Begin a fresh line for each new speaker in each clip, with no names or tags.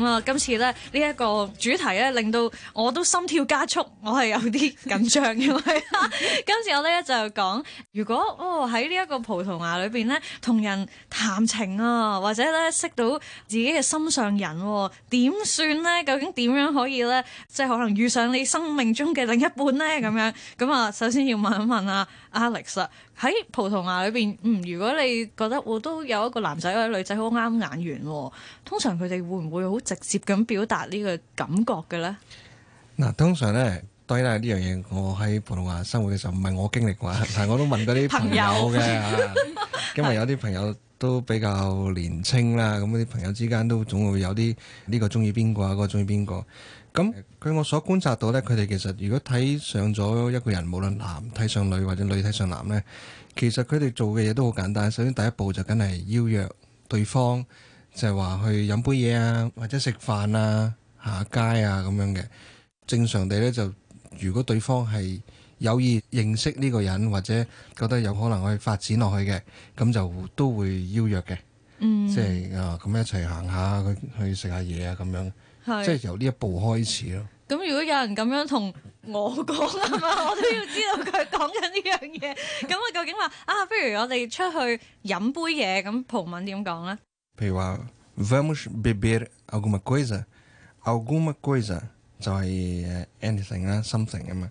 咁啊、嗯，今次咧呢一、這個主題咧，令到我都心跳加速，我係有啲緊張嘅。咁 今次我咧就講、是，如果哦喺呢一個葡萄牙裏面咧，同人談情啊，或者咧識到自己嘅心上人、啊，點算呢？究竟點樣可以咧？即、就、係、是、可能遇上你生命中嘅另一半呢？咁樣咁啊、嗯，首先要問一問啊。Alex 喺葡萄牙裏邊，嗯，如果你覺得我、哦、都有一個男仔或者女仔好啱眼緣喎，通常佢哋會唔會好直接咁表達呢個感覺嘅咧？
嗱，通常咧，當然啦，呢樣嘢我喺葡萄牙生活嘅時候唔係我經歷過，但係我都問過啲朋友嘅，因為有啲朋友。都比較年青啦，咁啲朋友之間都總會有啲呢、這個中意邊個啊，嗰個中意邊個。咁佢、嗯、我所觀察到呢，佢哋其實如果睇上咗一個人，無論男睇上女或者女睇上男呢，其實佢哋做嘅嘢都好簡單。首先第一步就梗係邀約對方，就係、是、話去飲杯嘢啊，或者食飯啊、下街啊咁樣嘅。正常地呢，就如果對方係。有意認識呢個人，或者覺得有可能可以發展落去嘅，咁就都會邀約嘅，嗯、即係啊，咁、呃、一齊行一下去，去食下嘢啊，咁樣是即係由呢一步開始咯。
咁、嗯、如果有人咁樣同我講啊嘛， 我都要知道佢講緊呢樣嘢。咁我 究竟話啊，不如我哋出去飲杯嘢？咁葡文點講咧？
譬如話，vamos、erm、beber alguma coisa，alguma coisa 就係、是、anything 啦 something 啊嘛。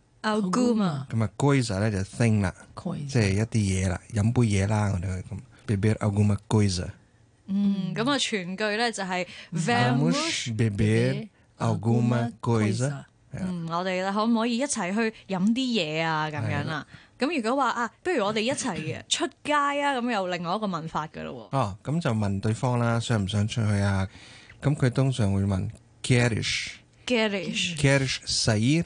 alguma，咁啊，coisa 咧就 thing 啦，即係一啲嘢啦，飲杯嘢啦，我哋咁 beber alguma coisa 嗯，
咁啊，全句呢就係 vamos
beber alguma coisa
嗯，我哋可唔可以一齊去飲啲嘢啊？咁樣啊？咁如果話啊，不如我哋一齊出街啊？咁又另外一個問法噶咯。
哦，咁就問對方啦，想唔想出去啊？咁佢通常會問 queres，queres，queres sair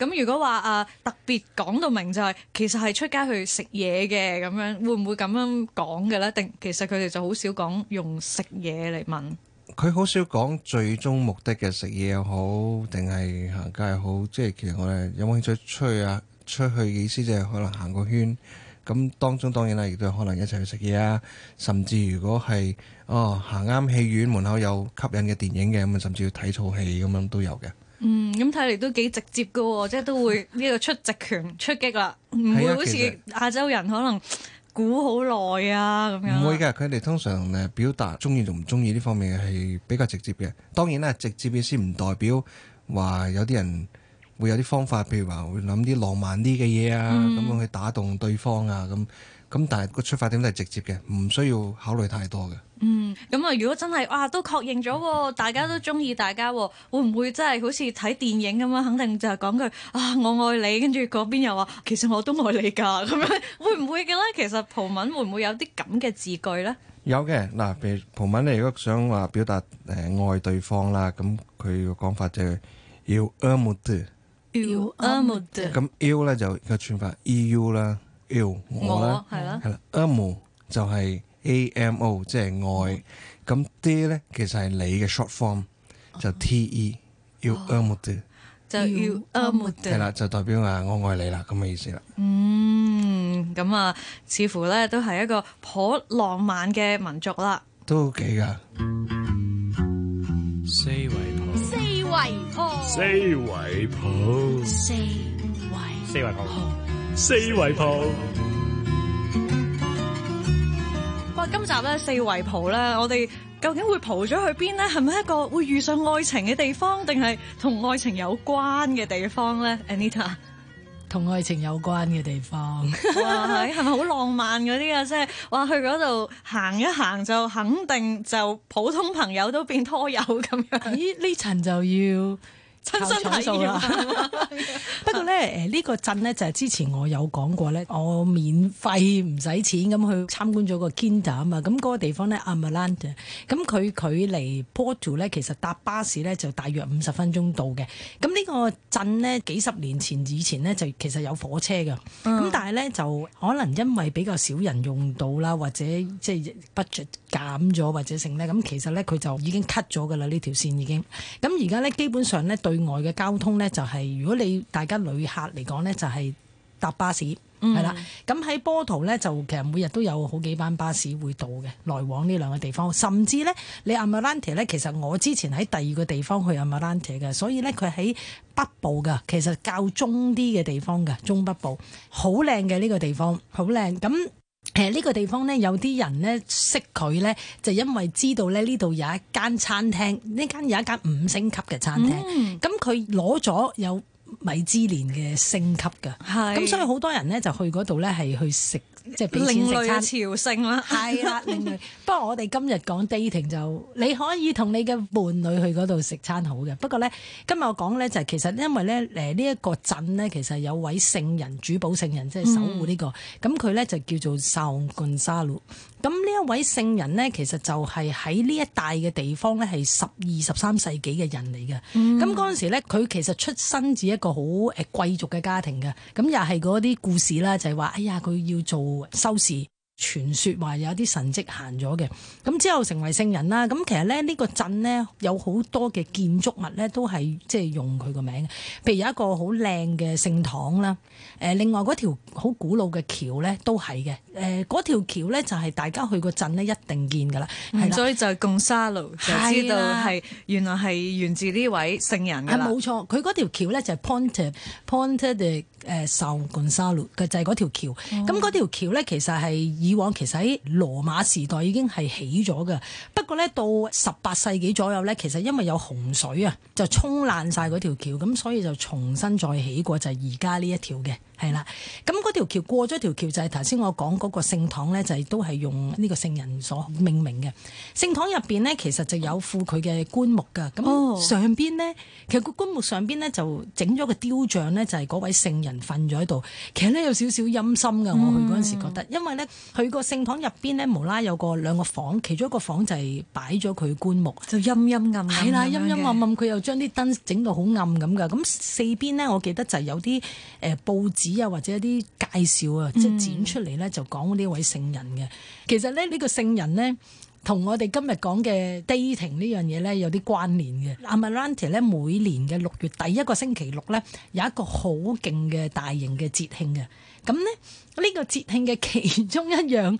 咁如果話啊、呃、特別講到明就係、是、其實係出街去食嘢嘅咁樣，會唔會咁樣講嘅呢？定其實佢哋就好少講用食嘢嚟問。
佢好少講最終目的嘅食嘢又好，定係行街又好。即係其實我哋有冇興趣出去啊？出去意思就係可能行個圈。咁當中當然啦，亦都可能一齊去食嘢啊。甚至如果係哦行啱戲院門口有吸引嘅電影嘅咁，甚至要睇套戲咁樣都有嘅。
嗯，咁睇嚟都幾直接㗎喎、哦，即係都會呢個出直拳 出擊啦，唔會好似亞洲人可能估好耐啊咁其實 這樣。唔
會㗎。佢哋通常誒表達中意同唔中意呢方面係比較直接嘅。當然啦，直接意思唔代表話有啲人會有啲方法，譬如話會諗啲浪漫啲嘅嘢啊，咁、嗯、樣去打動對方啊咁。咁但係個出發點都係直接嘅，唔需要考慮太多嘅。嗯，
咁啊，如果真係啊都確認咗，大家都中意大家，會唔會真係好似睇電影咁樣？肯定就係講句啊，我愛你，跟住嗰邊又話其實我都愛你㗎，咁樣會唔會嘅咧？其實葡文會唔會有啲咁嘅字句咧？
有嘅嗱，譬如葡文，你如果想話表達誒愛對方啦，咁佢個講法就係要 eu amo-te，
要 eu amo-te，
咁 eu 咧就個串法 eu 啦。L 我咧係啦，Am 就係 A M O，即係愛。咁 D 咧其實係你嘅 short form 就 T E，要 Amo 的，
就要 Amo 的。係啦，
就代表話我愛你啦，咁嘅意思啦。嗯，
咁啊，似乎咧都係一個頗浪漫嘅民族啦。
都 OK 噶，四圍
抱，四圍抱，
四圍抱，
四
圍，四
圍抱。四
圍蒲，哇！今集咧四圍蒲咧，我哋究竟會蒲咗去邊咧？係咪一個會遇上愛情嘅地方，定係同愛情有關嘅地方咧
？Anita，同愛情有關嘅地方，
係咪？係咪好浪漫嗰啲啊？即係話去嗰度行一行就肯定就普通朋友都
變拖友咁樣。咦、哎？呢層就要。親身睇嘅， 不過咧，誒、這、呢個鎮咧就係之前我有講過咧，我免費唔使錢咁去參觀咗個 Kinder 啊嘛，咁嗰個地方咧 Amaland，咁、e、佢距離 Porto 咧其實搭巴士咧就大約五十分鐘到嘅，咁、這、呢個鎮咧幾十年前以前咧就其實有火車嘅，咁、嗯、但係咧就可能因為比較少人用到啦，或者即係 budget。減咗或者剩咧，咁其實咧佢就已經 cut 咗㗎啦，呢條線已經。咁而家咧基本上咧，對外嘅交通咧就係、是，如果你大家旅客嚟講咧，就係搭巴士，係啦、嗯。咁喺波圖咧就其實每日都有好幾班巴士會到嘅，來往呢兩個地方。甚至咧，你阿馬蘭提咧，其實我之前喺第二個地方去阿馬蘭提嘅，所以咧佢喺北部㗎，其實較中啲嘅地方㗎，中北部好靚嘅呢個地方，好靚咁。誒，呢個地方咧，有啲人咧識佢咧，就因為知道咧呢度有一間餐廳，呢間有一間五星級嘅餐廳，咁佢攞咗有。米芝蓮嘅星級㗎，咁是所以好多人呢就去嗰度呢，係去食，即係俾錢食餐。
朝聖啦，係 啦。令
不過我哋今日講 dating 就你可以同你嘅伴侶去嗰度食餐好嘅。不過呢，今日我講呢，就是、其實因為呢，誒呢一個鎮呢，其實有位聖人主保聖人即係守護呢、這個，咁佢呢就叫做薩棍沙魯。咁呢一位聖人呢，其實就係喺呢一帶嘅地方呢，係十二十三世紀嘅人嚟嘅。咁嗰陣時呢佢其實出生自一一個好誒，貴族嘅家庭嘅，咁又係嗰啲故事啦，就係話，哎呀，佢要做收視。傳説話，有啲神跡行咗嘅，咁之後成為聖人啦。咁其實咧，呢個鎮呢，有好多嘅建築物咧都係即係用佢個名。譬如有一個好靚嘅聖堂啦，另外嗰條好古老嘅橋咧都係嘅。嗰條橋咧就係大家去個鎮呢一定見㗎、嗯、啦。係所以
就共沙路就知道係原來係源自呢位聖人啦、嗯。冇
錯，佢嗰條橋咧就係 Ponte Ponte 誒受冠沙律嘅就係嗰條橋，咁嗰、哦、條橋呢，其實係以往其實喺羅馬時代已經係起咗㗎。不過呢，到十八世紀左右呢，其實因為有洪水啊，就沖爛晒嗰條橋，咁所以就重新再起過，就係而家呢一條嘅。.係啦，咁嗰條橋過咗條橋，就係頭先我講嗰個聖堂，呢就係都係用呢個聖人所命名嘅聖堂入面呢，其實就有副佢嘅棺木㗎。咁上邊呢，其實個棺木上邊呢，就整咗個雕像呢，就係嗰位聖人瞓咗喺度。其實呢，有少少陰森㗎，我去嗰陣時覺得，因為呢，佢個聖堂入邊呢，無啦有個兩個房，其中一個房就係擺咗佢棺木，就陰陰暗。係啦，陰陰暗暗，佢又將啲燈整到好暗咁㗎。咁四邊呢，我記得就係有啲誒佈置。啊，或者一啲介紹啊，即係展出嚟咧，就講呢位聖人嘅。嗯、其實咧，呢個聖人呢，同我哋今日講嘅 dating 呢樣嘢呢，有啲關聯嘅。阿 Milanita 咧，每年嘅六月第一個星期六呢，有一個好勁嘅大型嘅節慶嘅。咁呢，呢、呢個節慶嘅其中一樣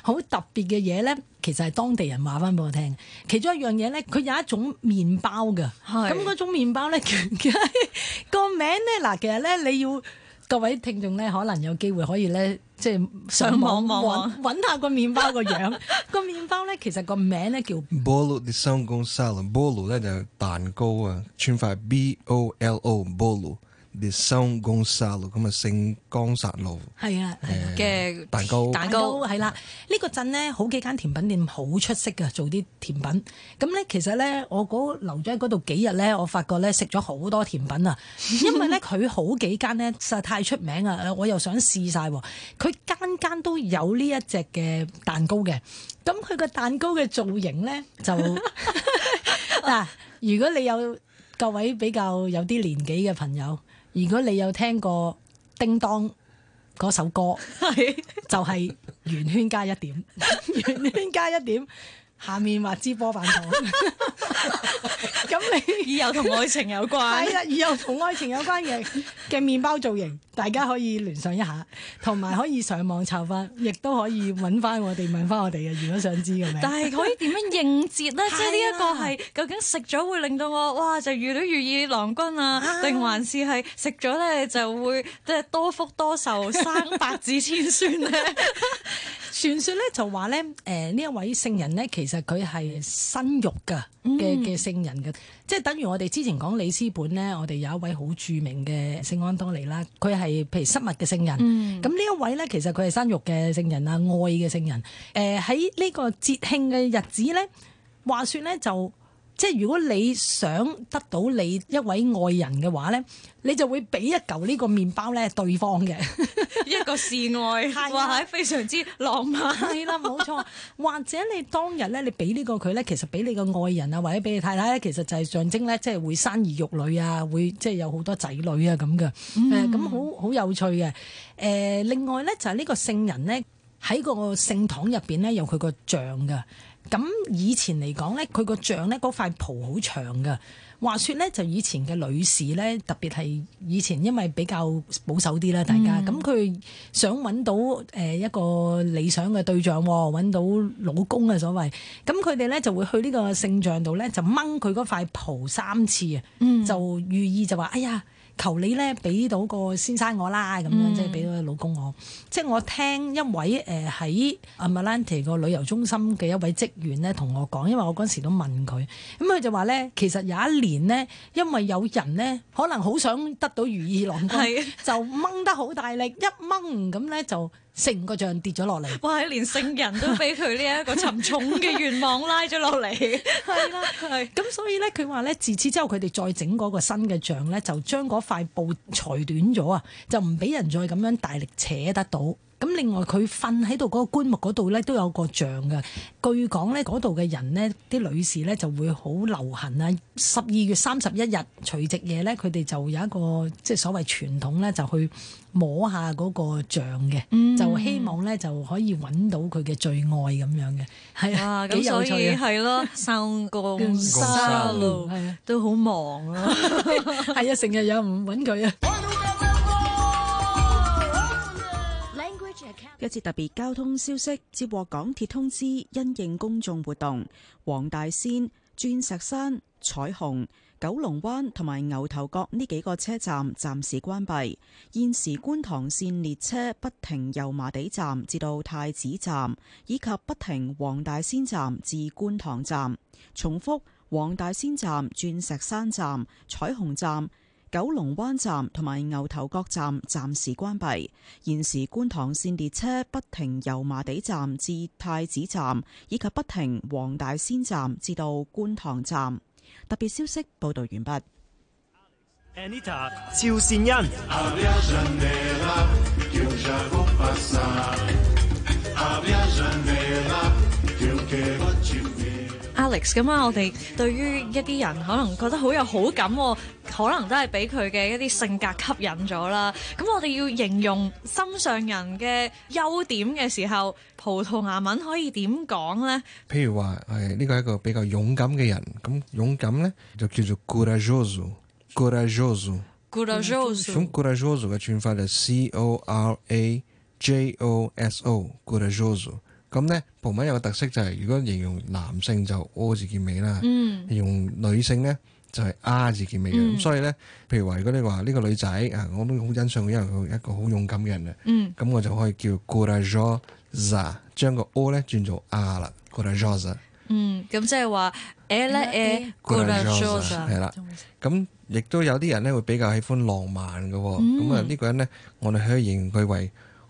好特別嘅嘢呢，其實係當地人話翻俾我聽。其中一樣嘢呢，佢有一種麵包嘅，咁嗰是種麵包咧，個名呢，嗱，其實呢，你要。各位聽眾呢，可能有機會可以呢，即係上網揾揾看下個麵包個樣。個 麵包呢，其實個名呢叫
Bolo de Sangon s a l o n b o l o 呢，alo, olo，就係蛋糕啊，穿塊 B O L O，Bolo。啲生公沙路，咁啊聖江沙路，係啊，係嘅、啊 uh, 蛋糕蛋糕
係啦。呢、這個鎮呢，好幾間甜品店好出色嘅，做啲甜品。咁咧，其實咧，我嗰留咗喺嗰度幾日咧，我發覺咧食咗好多甜品啊。因為咧，佢好幾間咧實在太出名啊，我又想試晒喎。佢間間都有呢一隻嘅蛋糕嘅。咁佢個蛋糕嘅造型咧就嗱， 如果你有各位比較有啲年紀嘅朋友。如果你有聽過《叮當》嗰首歌，是就係圓圈加一點， 圓圈加一點。下面畫支波板糖，咁你以後同愛情有關係啊， 同愛情有關嘅嘅麵包造型，大家可以聯想一下，同埋可以上網摷翻，亦都可以揾翻我哋問翻我哋嘅。如果想知咁樣，但係可以
點樣應節咧？ 即係呢一個係究竟食咗會令到我哇就遇到如意郎君啊，定 還是係食咗
咧就會即係
多福多壽， 生百子千孫咧？
傳説咧就話咧，誒、呃、呢一位聖人呢，其實佢係生肉嘅嘅嘅聖人嘅，嗯、即係等於我哋之前講李斯本呢，我哋有一位好著名嘅聖安多尼啦，佢係譬如失物嘅聖人。咁呢、嗯、一位呢，其實佢係生肉嘅聖人啊，愛嘅聖人。誒喺呢個節慶嘅日子呢，話說呢就。即係如果你想得到你一位愛人嘅話咧，你就會俾一嚿呢個麵包咧對方嘅
一個示愛，係、啊、非常之浪
漫啦，冇、 啊、錯。或者你當日咧，你俾呢個佢咧，其實俾你個愛人啊，或者俾你太太咧，其實就係象徵咧，即係會生兒育女啊，會即係有好多仔女啊咁嘅。誒咁好好有趣嘅。誒、呃、另外咧就係呢個聖人咧喺個聖堂入邊咧有佢個像㗎。咁以前嚟講咧，佢個像咧，嗰塊袍好長㗎。話說咧，就以前嘅女士咧，特別係以前因為比較保守啲啦，大家咁佢想揾到誒一個理想嘅對象，揾到老公呀所謂。咁佢哋咧就會去呢個聖像度咧，就掹佢嗰塊袍三次啊，就寓意就話，哎呀～求你咧俾到個先生我啦，咁樣、嗯、即係俾到個老公我。即係我聽一位誒喺、呃、Malanti 個旅遊中心嘅一位職員咧同我講，因為我嗰陣時都問佢，咁、嗯、佢就話咧，其實有一年呢，因為有人呢可能好想得到如意郎君，的就掹得好大力，一掹咁咧就。成個像跌咗落嚟，哇！連聖人
都俾佢呢一個沉重嘅願望拉咗落嚟，係啦， 係。
咁所以咧，佢話咧，自此之後佢哋再整嗰個新嘅像咧，就將嗰塊布裁短咗啊，就唔俾人再咁樣大力扯得到。咁另外佢瞓喺度嗰個棺木嗰度咧都有個像㗎，據講咧嗰度嘅人呢，啲女士咧就會好流行啊！十二月三十一日除夕夜咧，佢哋就有一個即係所謂傳統咧，就去摸下嗰個像嘅，嗯、就希望咧就可以揾到佢嘅最愛咁樣嘅，係啊，幾有趣嘅，係
咯、啊，生個
沙路，係啊，都好忙咯，係 啊， 成日又唔揾佢啊。
一次特別交通消息，接獲港鐵通知，因應公眾活動，黃大仙、鑽石山、彩虹、九龍灣同埋牛頭角呢幾個車站暫時關閉。現時觀塘綫列車不停油麻地站至到太子站，以及不停黃大仙站至觀塘站。重複：黃大仙站、鑽石山站、彩虹站。九龍灣站同埋牛頭角站暫時關閉，現時觀塘線列車不停油麻地站至太子站，以及不停黃大仙站至到觀塘站。特別消息報道完畢。
咁啊！我哋對於一啲人可能覺得好有好感，可能都係俾佢嘅一啲性格吸引咗啦。咁我哋要形容心上人嘅優點嘅時候，葡萄牙文可以點講咧？
譬如話呢個係一個比較勇敢嘅人，咁勇敢咧就叫做 corajoso，corajoso，corajoso，用 corajoso 嘅串法就係 c o r a j o s o，corajoso。咁咧，葡文有個特色就係、是，如果形容男性就 O 字結尾啦，形容、嗯、女性咧就係 R 字結尾嘅。咁、嗯、所以咧，譬如話，如果你話呢個女仔啊，我都好欣賞佢，因為佢一個好勇敢嘅人啊。咁、嗯、我就可以叫 Gulazza，將個 O 咧轉做 R 啦，Gulazza。嗯，
咁即係話，l、a、Gulazza，咧誒，Gulazza。係啦，
咁亦都有啲人咧會比較喜歡浪漫嘅喎。咁啊、嗯，呢個人咧，我哋可以形容佢為。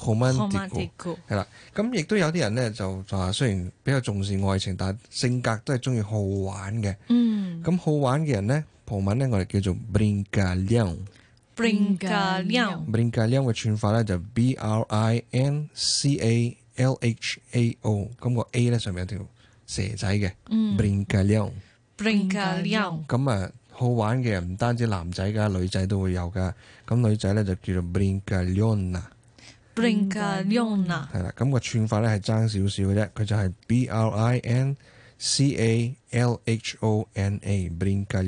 好玩跌酷，係啦，咁亦都有啲人咧就話，雖然比較重視愛情，但性格都係中意好玩嘅。嗯，咁好玩嘅人咧，葡文咧我哋叫做 Brincalhão。
Brincalhão，Brincalhão
嘅串法咧就 B R I N C A L H A O，咁個 A 咧上面有條蛇仔嘅。嗯
，Brincalhão，Brincalhão。
咁啊好玩嘅人唔單止男仔噶，女仔都會有噶。咁女仔咧就叫做 Brincalhona。
嗯那個、點點
b r i n c a 啦，咁個串法咧係爭少少嘅啫，佢就係 B R I N C A L H O N A b r i n c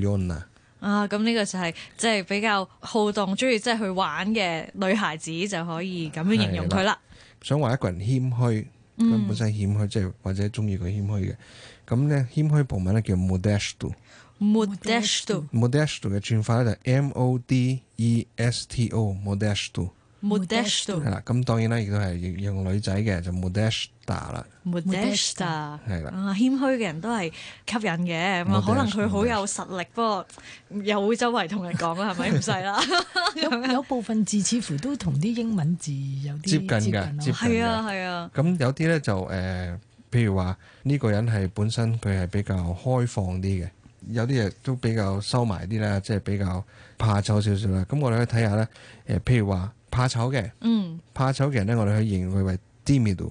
啊，咁呢
個就係即係比較好動、中意即係去玩嘅女孩子就可以咁樣形容佢啦。
想話一個人謙虛，
佢、嗯、本身
謙虛，即係或者中意佢謙虛嘅，咁咧謙虛部分咧叫
Modesto，Modesto，Modesto
嘅串法咧就 M O D E S T O Modesto。冇啦，咁當然啦，亦都係用女仔嘅就冇 dash 大啦，
冇 dash 大係啦，的謙虛嘅人都係吸引嘅，咁啊 odes 可能佢好有實力，不過 odes 又會周圍同人講啦，係咪唔使
啦？有部分字似乎都同啲英文字有接近嘅，接近嘅，係啊係
啊。咁有啲咧就誒，譬、呃、如話呢、呢個人係本身佢係比較開放啲嘅，有啲嘢都比較收埋啲啦，即、就、係、是、比較怕醜少少啦。咁我哋可以睇下咧，誒、呃、譬如話。怕醜嘅，嗯，怕醜嘅人咧，我哋可以形容佢為 timido。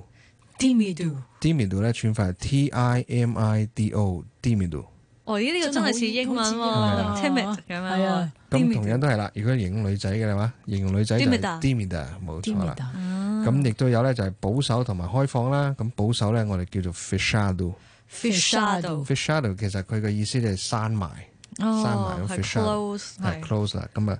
timido，timido
咧，串法係 t-i-m-i-d-o，timido。
哦，依啲嘅真係似英文啊，timid 咁樣。係啊，咁同樣
都係啦。如果形容女仔嘅啦嘛，形容女仔就 timida，timida，冇錯啦。咁亦都有咧，就係保守同埋開放啦。咁保守咧，我哋叫做 fechado。fechado，fechado，其實佢嘅意思就係閂埋，閂埋咁。fechado，係 close 啦。咁啊。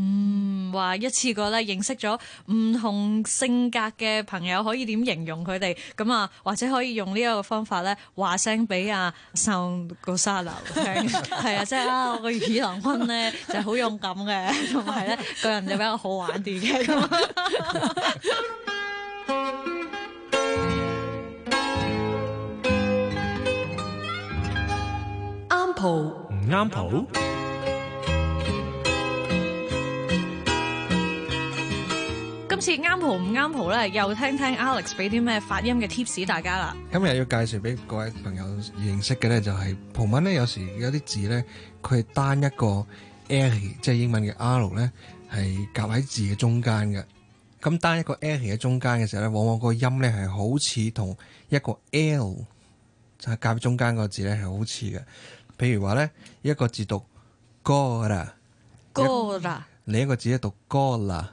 嗯，話一次過咧認識咗唔同性格嘅朋友，可以點形容佢哋？咁啊，或者可以用呢一個方法咧，話聲俾阿 Sam Gosalow 聽，係啊， 即、就、係、是、啊，我個耳龍君咧就係、是、好勇敢嘅，同埋咧個人就比較好玩啲嘅。
啱蒲、 嗯，唔啱蒲。
今次啱蒲唔啱蒲咧，又聽聽 Alex 俾啲咩發音嘅 tips 大家啦。
今日要介紹俾各位朋友認識嘅咧、就是，就係葡文咧，有時有啲字咧，佢係單一個 L，即係英文嘅 R 咧，係夾喺字嘅中間嘅。咁單一個 L 喺中間嘅時候咧，往往個音咧係好似同一個 L 就係夾喺中間個字咧係好似嘅。譬如話咧，一個字讀 Gala，Gala，ora 另一個字咧讀 Gala。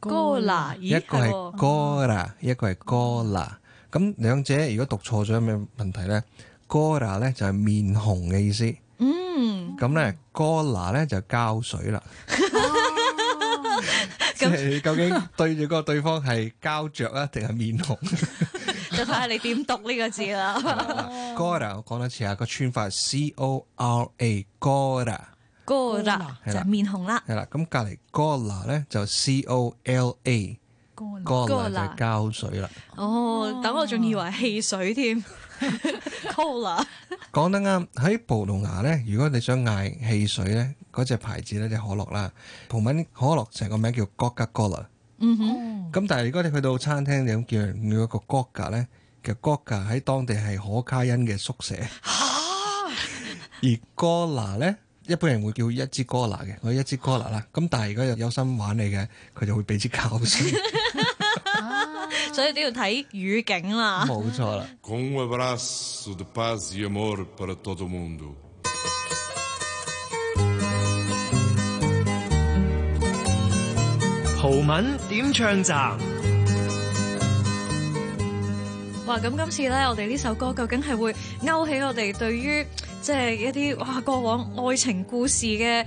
哥啦，一個係哥
啦，一個係哥啦。咁兩者如果讀錯咗有咩問題咧？哥啦咧就係面紅嘅意思。嗯，
咁
咧哥啦咧就膠水啦。即係究竟對住個對方係膠着啊，定係面紅？
就睇下你點讀呢個字啦。
哥啦，我講多次啊，個串法 C O R A 哥啦。
哥啦，就面紅啦。係
啦，咁隔籬 Gola 咧就 C O L A，Gola 就膠水啦。
哦，等我仲以為汽水添。Cola，
講得啱，喺葡萄牙咧，如果你想嗌汽水咧，嗰隻牌子咧就可樂啦。葡文可樂成個名叫 Goga Gola。嗯哼。咁但係如果你去到餐廳你諗住要一個 Goga 咧，其實 Goga 喺當地係可卡因嘅縮寫。吓。而 Gola 咧。一般人會叫一支 cola 嘅，我一支 cola 啦。咁但係如果有心玩你嘅，佢就會俾支膠水。
所以都要睇語境啦。冇
錯啦。
葡文
點唱站。
哇！咁今次咧，我哋呢首歌究竟係會勾起我哋對於……即係一啲哇，過往愛情故事嘅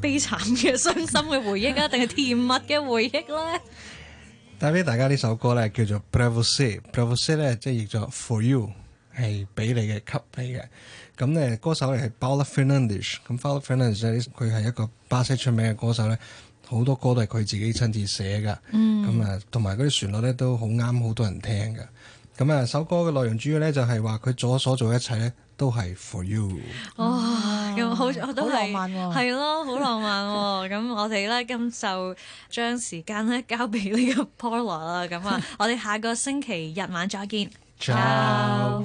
悲慘嘅傷心嘅回憶啊，定係甜蜜嘅回憶咧？
帶俾大家呢首歌咧，叫做《Bravo C》，《Bravo C》咧即係譯作《For You》，係俾你嘅給你嘅。咁咧，歌手咧係 Paula Fernandes，咁 Paula Fernandes 佢係一個巴西出名嘅歌手咧，好多歌都係佢自己親自寫噶。嗯。咁啊，同埋嗰啲旋律咧都好啱，好多人聽嘅。咁啊，首歌嘅內容主要咧就係話佢所做一切咧。都係 for you。
哇，咁好，我都係，係咯，好浪漫喎。咁我哋咧今就將時間咧交俾呢個 Paula 啦。咁啊，我哋下個星期日晚再見。Ciao。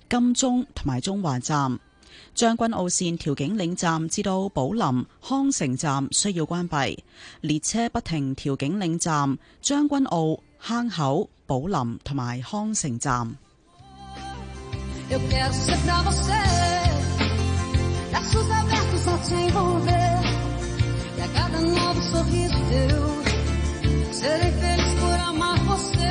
金鐘同埋中環站、將軍澳綫調景嶺站至到寶林康城站需要關閉，列車不停調景嶺站、將軍澳、坑口、寶林同埋康城站。